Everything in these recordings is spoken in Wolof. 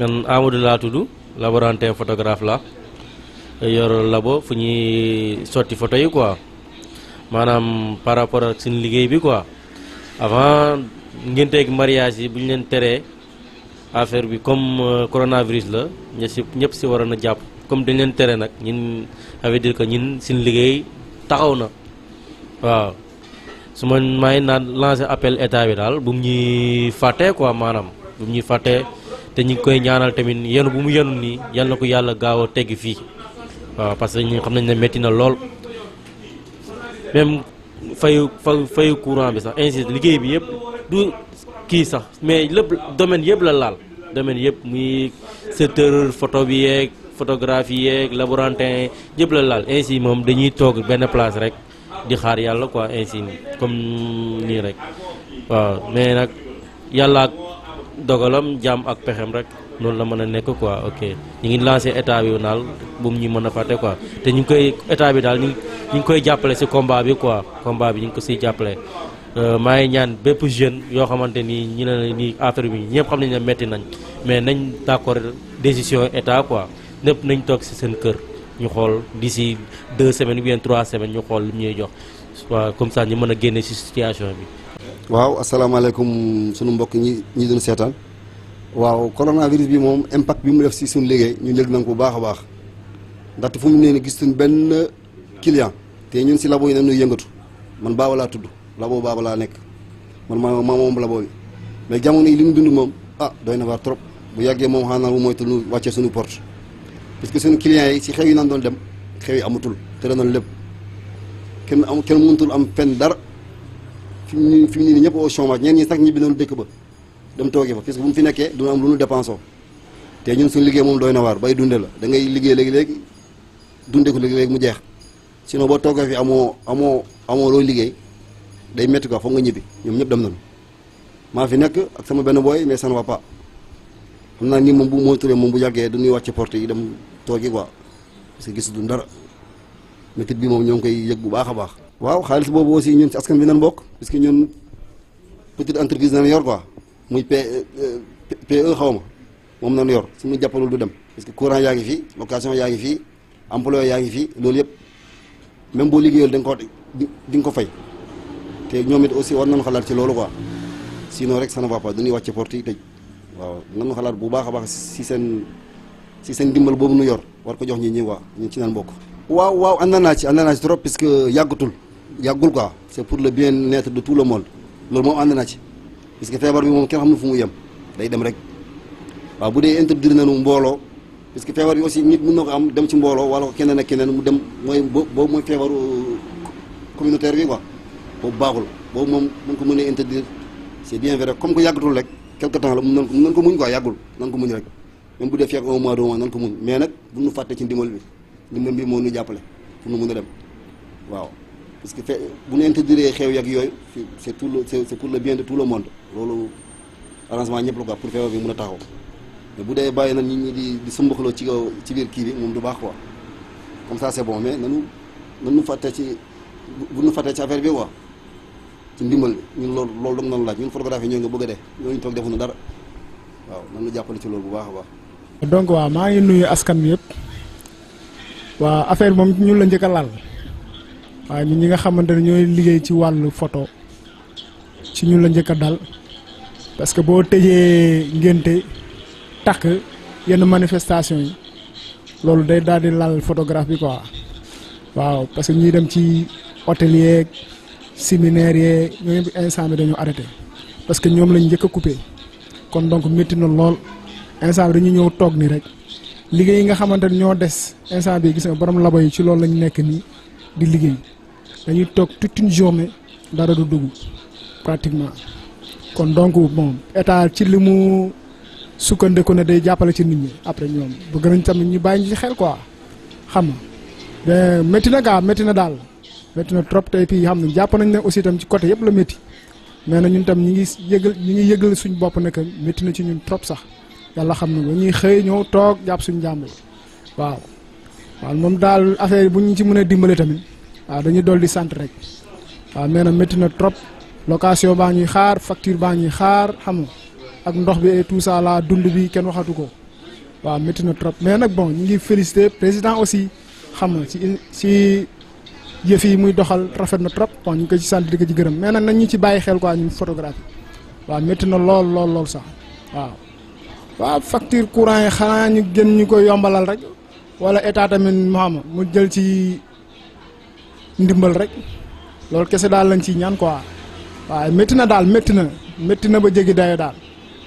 man Amadou laa tudd laborantin photographe la yor labo fu ñuy sotti photo yi quoi maanaam par rapport ak seen liggéey bi quoi avant ngénte ak mariage yi bu ñu leen teree affaire bi comme euh, coronavirus la ña si ñëpp si na jàpp comme dañ leen tere nag ñun ça dire que ñun seen liggéey taxaw na waaw su ma maay naan appel état bi daal bu mu ñuy fàtte quoi maanaam bu mu ñuy fàtte. te ñu ngi koy ñaanal tamit yéen bu mu yenu nii yal na ko yàlla gaaw a tegg fii waaw parce que ñu xam nañ ne métti na lool même fayu fayu courant bi sax ainsi liggéey bi yëpp du kii sax mais lépp domaine yëpp la laal domaine yëpp muy secteur photo bi yeeg photographie yeeg laborantin yëpp la laal ainsi moom dañuy toog benn place rek di xaar yàlla quoi ainsi comme nii rek waaw mais nag yàlla dogalam jàmm ak pexem rek noonu la mën a nekk quoi ok ñu ngi lancé état bi naal mu ñu mën a fàtte quoi te ñu ngi koy état bi daal ñu ngi koy jàppale si combat bi quoi combat bi ñu ngi ko siy jàppale. Euh, maa ngi ñaan bépp jeune yoo xamante ni ñu ne ni affaire bi ñëpp xam nañ ne metti nañ mais nañ d'accord décision état quoi ñëpp nañ toog si seen kër ñu xool d'ici deux semaines ou bien trois semaines ñu xool lu ñuy jox waaw comme ça ñu mën a génne si situation bi. waaw asalaamaaleykum sunu mbokk ñi ñi doon seetaan waaw coronavirus bi moom impact bi mu def si suñu liggéey ñun yëg nañ bu baax a baax ndaxte fu mu ne gis gistuñ benn client te ñun si labo yi dañuy yëngatu man baaba laa tudd labo baaba laa nekk man maa maa moom labo bi mais jamono yi li mu dund moom ah doy na waar trop bu yàggee moom xanaa bu moytu ñu wàccee suñu porte parce que suñu clients yi si xew yi nan doon dem xew yi amatul te danoon lépp kenn am kenn am fenn dara. fi mu nii fi mu nii ñëpp au chômage ñeen ñi sax ñibbi nañu dëkk ba dem toogee fa parce que bu ñu fi nekkee du am lu ñu dépensé te ñun suñu liggéey moom dooy na waar bay dunde la da ngay liggéey léegi-léegi dunde ko léegi-léegi mu jeex si sinon boo toogee fi amoo amoo amoo loo liggéey day métti quoi foog nga ñibbi ñoom ñëpp dem nañu maa fi nekk ak sama benn booy mais ça ne va xam naa ni moom bu moo turee moom bu yàggee dañuy wàcc porte yi dem toogi quoi parce que gis duñ dara métit bii moom ñoo ngi koy yëg bu baax a baax waaw xaalis boobu aussi ñun ci askan bi nan bokk parce que ñun petite entreprise nan yor quoi muy P PE xaw ma moom nan yor suñu jàppalul du dem parce que courant yaa ngi fii location yaa ngi fii emploi yaa ngi fii loolu yëpp même boo liggéeyal da nga ko di nga ko fay te ñoom it aussi war nañ xalaat ci loolu quoi sinon rek ça ne va pas du ñuy wàcc porte yi tëj waaw nañu xalaat bu baax a baax si seen si seen dimbal boobu nu yor war ko jox ñi ñi waa ñu ci naan bokk waaw waaw ànd naa ci ànd naa parce que yàggatul yàggul quoi c'est pour le bien-être de tout le monde loolu moom ànd na ci parce que feebar bi moom kenn xam na fu mu yem day dem rek waaw bu dee interdire nañu mbooloo parce que feebar bi aussi nit mën na ko am dem ci mbooloo wala ko keneen ak keneen mu dem mooy boobu mooy feebaru communautaire bi quoi bu baaxul boobu moom bu ñu ko mënee interdire c'est bien vrai comme que yàggatul rek quelque temps la nan nan ko muñ quoi yàggul nan ko muñ rek même bu dee fekk mois nan ko muñ mais nag bu ñu fàtte ci ndimbal bi ndimbal bi moo ñu jàppale pour ñu mën a dem waaw parce que fe bu ñu interdire xew yak yooyu c'est tout le c'est pour le bien de tout le monde loolu arrangement ñëpp la quoi pour feebar bi mun a taxaw mais bu dee bàyyi na nit ñi di di sumbaxloo ci kaw ci biir kii bi moom du baax quoi comme ça bon mais nanu nanu fàtte ci bu nu fàtte ci affaire bi quoi ci ndimbal bi ñun loolu loolu dong nanu laaj ñun photographie ñoo nga bëgg a def ñooñu toog defuñu dara waaw nanu jàppale ci loolu bu baax a baax donc waaw maa ngi nuyu askan bi yëpp waa affaire moom ñun la njëkk laal waaye ñi ñi nga xamante ne ñooy liggéey ci wàllu photo ci ñun la njëkk a dal parce que boo tëjee ngénte takk yenn manifestation yi loolu day daal di lal photographe bi quoi waaw parce que ñuy dem ci hôtel yeeg séminaire yeeg ñooñu instant bi dañu arrêté parce que ñoom lañ njëkk a kon donc métti na lool instant bi dañu ñëw toog nii rek liggéey yi nga xamante ne ñoo des instant bi gis nga borom labo yi ci loolu lañu nekk nii di liggéey dañuy toog toute une journée dara du dugg pratiquement kon donc bon état ci li mu sukkandiku ne day jàppale ci nit ñi après ñoom bëgg nañ tamit ñu bàyyi ci xel quoi xam nga mais métti na gaa metti na daal metti na trop tey fii xam ne jàpp nañ ne aussi tam ci côté yëpp la métti mais na ñun tam ñi ngi yëgal ñi ngi yëgal suñ bopp ne que métti na ci ñun trop sax yàlla xam na ba ñuy xëy ñëw toog jàpp suñu jàmbur waaw waaw moom daal affaire bu ñu ci mën dimbale tamit waaw dañuy dolli sant rek waaw mais nag métti na trop location baa ñuy xaar facture baa ñuy xaar xam nga ak ndox bi et tout la dund bi kenn waxatu ko waaw métti na trop mais nag bon ñu ngi félicité président aussi xam nga ci ci yëf yi muy doxal rafet na trop bon ñu ko ci sant di ko ci gërëm mais nag nañ ñu ci bàyyi xel quoi ñu photographie waaw métti na lool lool lool sax waaw. facture courant yi xanaa ñu gën ñu ko yombalal rek wala état tamit mu xam mu jël ci. ndimbal rek loolu kese daal lañ ci ñaan quoi waaye métti na daal métti na métti na ba jéggi dayo daal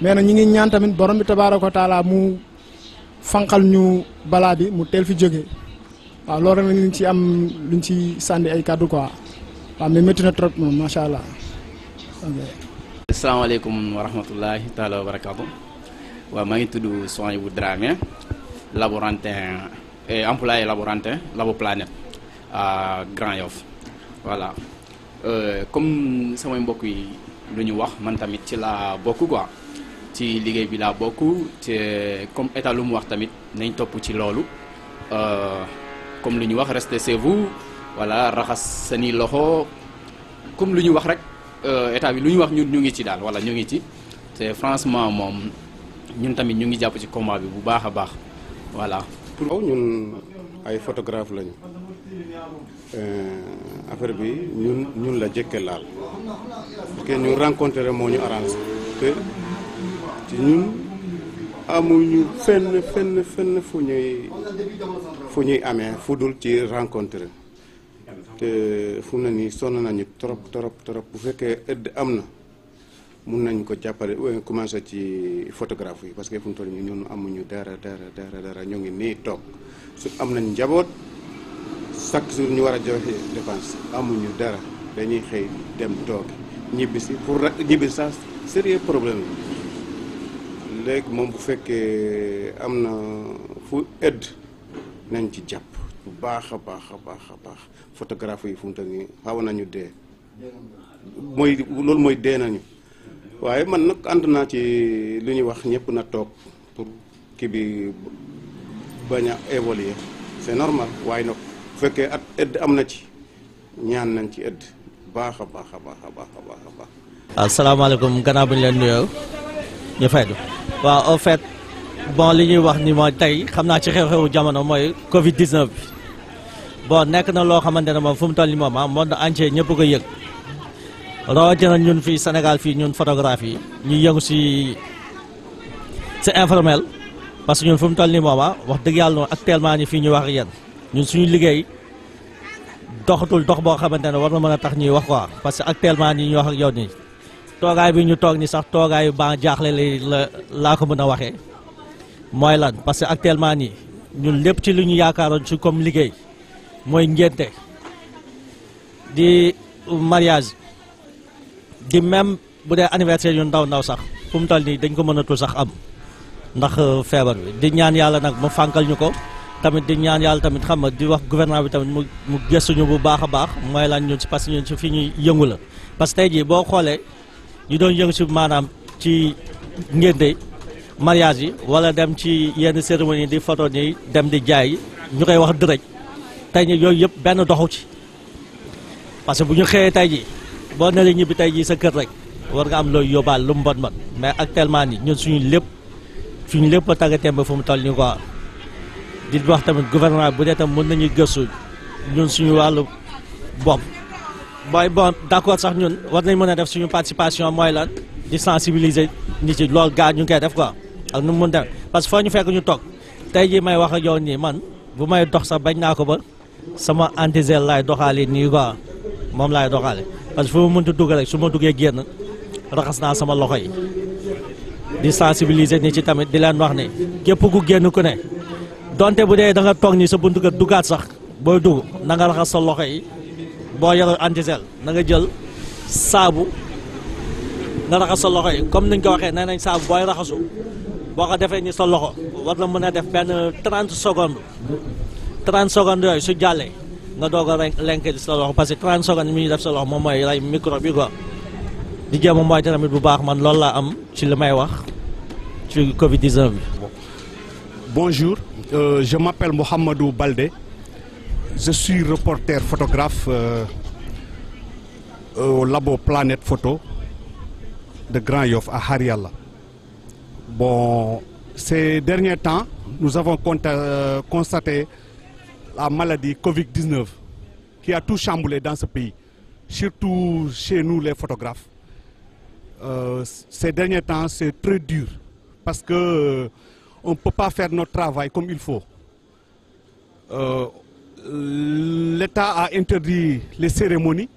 mais nag ñu ngi ñaan tamit borom bi tabaaraka taala mu fanqal ñu balaa bi mu teel fi jóge waaw loolu rek lañ ci am luñ ci sànni ay kàddu quoi waaw mais métti na trop moom macha allah. asalaamaaleykum wa rahmatullahi taala wa barakaatu waaw maa ngi tudd Sohaibou Dramé laborantin eh, employé laborantin labo planète. à Grand Yoff voilà euh, comme samay mbokk yi lu ñu wax man tamit ci laa bokk quoi ci liggéey bi laa bokk te comme état lu mu wax tamit nañ topp ci loolu euh, comme lu ñu wax restez chez vous voilà raxas seeni loxo comme lu ñu wax rek euh, état bi lu ñu wax ñun ñu ngi ci daal wala ñu ngi ci te francement moom ñun tamit ñu ngi jàpp ci combat bi bu baax a baax voilà. pour ñun ay photographe lañu. Euh, affaire bi ñun ñun la jëkke laal parce que ñu rencontré moo ñu arrangé te ci ñun amuñu fenn fenn fu ñuy fu ñuy amee fu dul ci rencontré te fu na nii sonn nañu trop trop trop bu fekkee ëdd am na mun nañ ko jàppale euh, commencé ci photographe yi parce que fu mu toll nii ñun amuñu dara dara dara dara ñoo ngi nii toog su am nañ njaboot chaque jour ñu war a joxe dépense amuñu dara dañuy xëy dem toog ñibbisi si pour ñibbi sax sérieux problème la léegi moom bu fekkee am na fu ëdd nañ ci jàpp bu baax a baax a baax a baax photographe yi fu mu toll nii xaw nañu dee mooy loolu mooy dee nañu waaye man nag ànd naa ci li ñuy wax ñëpp na toog pour kii bi bañ a évoluer c'est normal waaye nag fekkee at ëdd am na ci ñaan nañ ci ëdd baax a baax a baax a baax a baax a gannaaw bu leen nuyoo ñu faydu waaw en fait bon li ñuy wax ni moo tey xam naa ci xew-xewu jamono mooy Covid 19 bi bon nekk na loo xamante ne moom fu mu toll nii moom ah monde entier ñëpp ko yëg rawatina ñun fii senegal fii ñun photographe yi ñu yëngu si si informel parce que ñun fu mu toll nii moom ah, wax dëgg yàlla noonu actuellement ñi fii ñu wax ak yéen. ñun suñu liggéey doxatul dox boo xamante ne war na mën a tax ñuy wax quoi parce que actuellement nii ñu wax ak yow nii toogaay bi ñu toog ni sax toogaayu ban jaaxle la laa ko mën a waxee mooy lan parce que actuellement nii ñu lépp ci lu ñu yaakaaroon ci comme liggéey mooy ngénte di mariage di même bu dee anniversaire yu ndaw ndaw sax fu mu nii dañ ko mënatul sax am ndax euh, feebar bi di ñaan yàlla nag mu fànkal ñu ko tamit di ñaan yàlla tamit xam nga di wax gouvernement bi tamit mu mu gëstuñu bu baax a baax mooy laa ñun si parce que ñun si fi ñuy yëngu la parce que tey jii boo xoolee ñu doon yëngu si maanaam ci ngénte mariage yi wala dem ci yenn cérémonie di photo ni dem di jaay ñu koy wax dërëj tey jii yooyu yëpp benn doxu ci parce que bu ñu xëyee tey ji boo ne ñibbi tey jii sa kër rek war nga am looy yóbbaal lu mu bon bon mais actuellement nii ñun suñu lépp suñu lépp a taggatémbe fu mu toll nii quoi. di wax tamit gouvernement bu dee tam mën nañuy gëstu ñun suñu wàllu bopp mooy bon d'accord sax ñun war nañ mën a def suñu participation mooy la di sensibiliser nit ci loolu gaa ñu ngi koy def quoi ak nu mu mën def parce que foo ñu fekk ñu toog tey ji may wax ak yow nii man bu may dox sax bañ naa ko ba sama antisel laay doxaale nii quoi moom laay doxaale parce que fu ma mënta dugg rek su ma duggee génn raxas naa sama loxo yi di sensibiliser ni ci tamit di leen wax ne képp ku génn ne donte bu dee da toog nii sa buntu kër duggaat sax booy dugg nanga nga raxas sa loxo yi boo yore antisel na nga jël saabu nga raxas sa loxo yi comme niñ ko waxee nee nañ saabu booy raxasu boo ko defee ni sa loxo war na mën a def benn 30 secondes 30 secondes yooyu su jàllee nga doog a lenkali sa loxo parce que 30 secondes mi ñuy def sa loxo moom mooy rey micro bi quoi di jéem a mooy tamit bu baax man loolu laa am ci li may wax ci Covid 19 bi. Euh, je m'appelle Mohamedou Baldé. Je suis reporter photographe euh, euh au labo Planète Photo de Grand Yoff à Harialla. Bon, ces derniers temps, nous avons euh, constaté à maladie Covid-19 qui a tout chamboulé dans ce pays, surtout chez nous les photographes. Euh, ces derniers temps, c'est très dur parce que euh, on ne peut pas faire notre travail comme il faut. Euh, L'État a interdit les cérémonies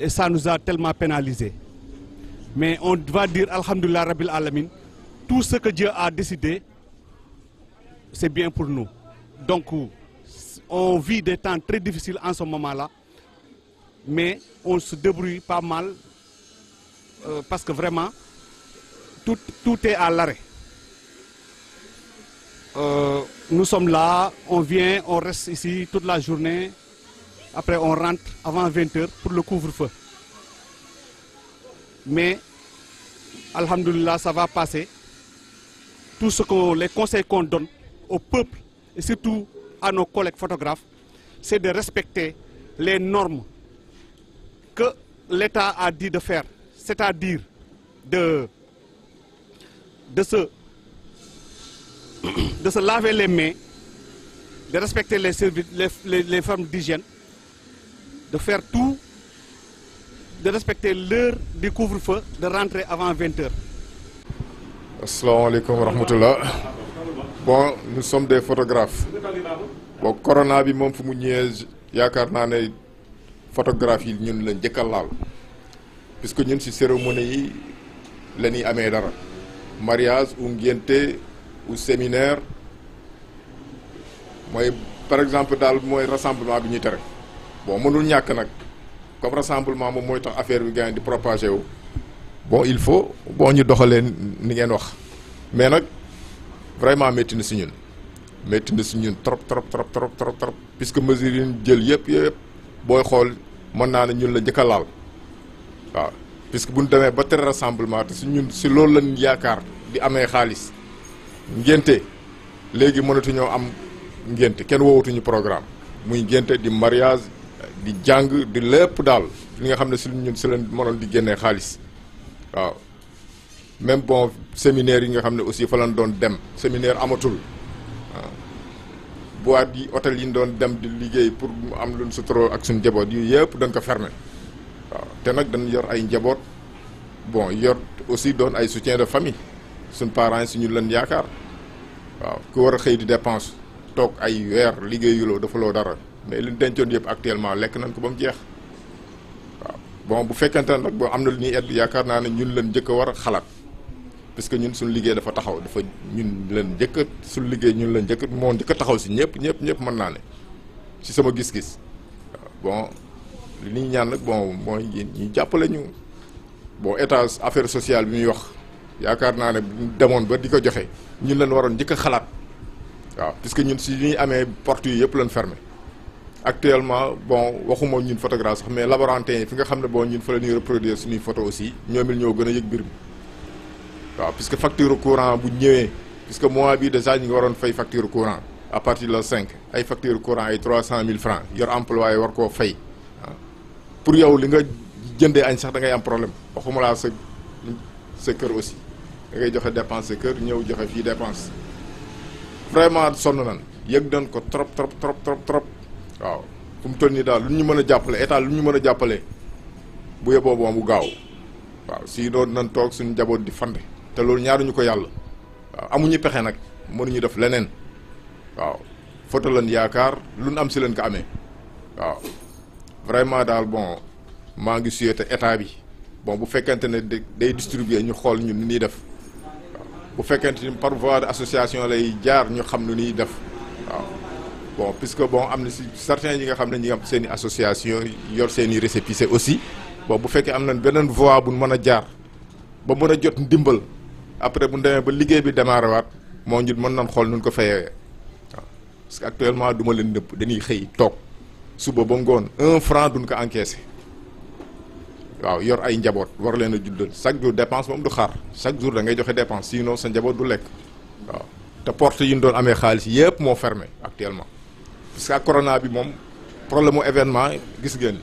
et ça nous a tellement pénalisés. Mais on va dire, Alhamdulillah Rabbil Alamin, tout ce que Dieu a décidé, c'est bien pour nous. Donc, on vit des temps très difficiles en ce la mais on se débrouille pas mal euh, parce que vraiment, tout, tout est à l'arrêt. Euh, nous sommes là, on vient, on reste ici toute la journée. Après, on rentre avant vingt h pour le couvre-feu. Mais, Alhamdulillah, ça va passer. Tout ce qu'on, les conseils qu'on donne au peuple et surtout à nos collègues photographes, c'est de respecter les normes que l'État a dit de faire, c'est-à-dire de, de de se laver les mais de respecter les, les, les, les formes d'hygiène, de fair tout, de respecter leur di couvre-feu, de rentrer avant 20 heures. Assalamu alaikum wa rahmatullah. Bon, nous sommes des photographes. Bon, corona bi moom fu mu ñëw yaakaar naa ne photographe yi ñun lañ njëkk a laal puisque ñun ci cérémonie yi la ñuy amee dara mariage ou ngénte ou séminaire mooy par exemple daal mooy rassemblement bi ñuy tere boo mënul ñàkk nag comme rassemblement moom mooy tax affaire bi gars di propager wu bon il faut boo ñu doxalee ni ngeen wax mais nag vraiment métti na si ñun métti na si ñun trop trop trop trop trop trop puisque mesures yi jël yëpp yëpp booy xool mën naa ne ñun la njëkka laal waaw puisque bu ñu demee ba tere rassemblement te si ñun si loolu lañ yaakaar di amee xaalis ngénte léegi mënatuñoo am ngénte kenn wowatuñu programme muy ngénte di mariage di jàng di lépp daal li nga xam ne si ñun si leen mënoon di génnee xaalis waaw même bon séminaire yi nga xam ne aussi fa lañ doon dem séminaire amatul waaw boîte yi yi ñu doon dem di liggéey pour mu am luñ suturoo ak njaboot yu yëpp dañ ko fermer waaw te nag dañ yor ay njaboot bon yor aussi doon ay soutien de famille suñ parents yi suñu leen yaakaar waaw ku war a xëy di dépense toog ay weer liggéeyuloo dafa loo dara mais li dencoon yëpp actuellement lekk nañ ko ba mu jeex waaw bon bu fekkente ne nag boo am na lu ñuy edd yaakaar naa ne ñun leen njëkk a war a xalaat parce que ñun suñu liggéey dafa taxaw dafa ñun leen njëkk a suñu liggéey ñun leen njëkk moo njëkk taxaw si ñëpp ñëpp ñëpp mën naa ne si sama gis-gis bon li ñuy ñaan nag bon mooy ñu jàppale ñu bon état affaire sociale bi muy wax yaakaar naa ne demoon ba di ko joxe ñun leen waroon njëkk a xalaat waaw puisque ñun si ñuy amee porte yi yëpp lañ fermé actuellement bon waxuma ñun photographe sax mais laborantin yi fi nga xam ne bon ñun fa la ñuy reproduire suñuy photo aussi ñoom it ñoo gën a yëg mbir mi waaw puisque facture courant bu ñëwee puisque mois bi déjà ñu ngi waroon fay facture courant à partir de la cinq ay facture courant ay trois cent mille francs yor employé war koo fay ah, pour yow li nga jëndee añ da ngay am problème waxuma laa sa sa kër aussi da ngay joxe dépense sa kër ñëw joxe fii dépense vraiment sonn nan yëg nañ ko trop trop trop trop trop waaw fu mu nii daal lu ñu mën a jàppale état lu ñu mën a jàppale bu yeboo bu gaaw waaw si doon nan toog suñu njaboot di fande te loolu ñu ko yàlla waaw amuñu pexe nag mënuñu def leneen waaw foto lan yaakaar lu nu am si leen ko amee waaw vraiment daal bon maa ngi souhaité état bi bon bu fekkente ne day distribuer ñu xool ñun ni ñuy def bu fekkente ni par voie association lay jaar ñu xam lu ñuy def waaw bon puisque bon am na si certains yi nga xam ne ñi am seen i association yor seen i aussi bon bu fekkee am na beneen voie bu mën a jaar ba mën a jot ndimbal après bu demee ba liggéey bi démarré waat moo ñu mën nañ xool nu ko fayee waaw parce que actuellement du ma leen nëpp dañuy xëy toog suba ba ngoon un franc duñ ko encaissé. waaw yor ay njaboot war leen a juddal chaque jour dépense moom du xaar chaque jour da ngay joxe dépense sinon sa njaboot du lekk waaw te porte yi ñu doon amee xaalis yëpp moo fermé actuellement parce que ak corona bi moom problème mu événement gis ngeen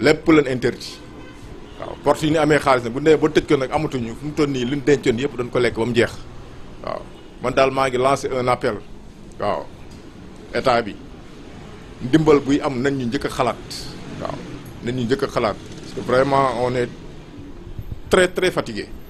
lépp leen interdit waaw porte yi ñu amee xaalis nag bu nee ba tëj ko nag amatuñu fu mu toll nii li ñu dencoon yëpp dañ ko lekk ba mu jeex waaw man daal maa ngi lancé un appel waaw état bi ndimbal buy am nañ ñu njëkk a xalaat waaw njëkk a Parce que vraiment, on est très très fatigué.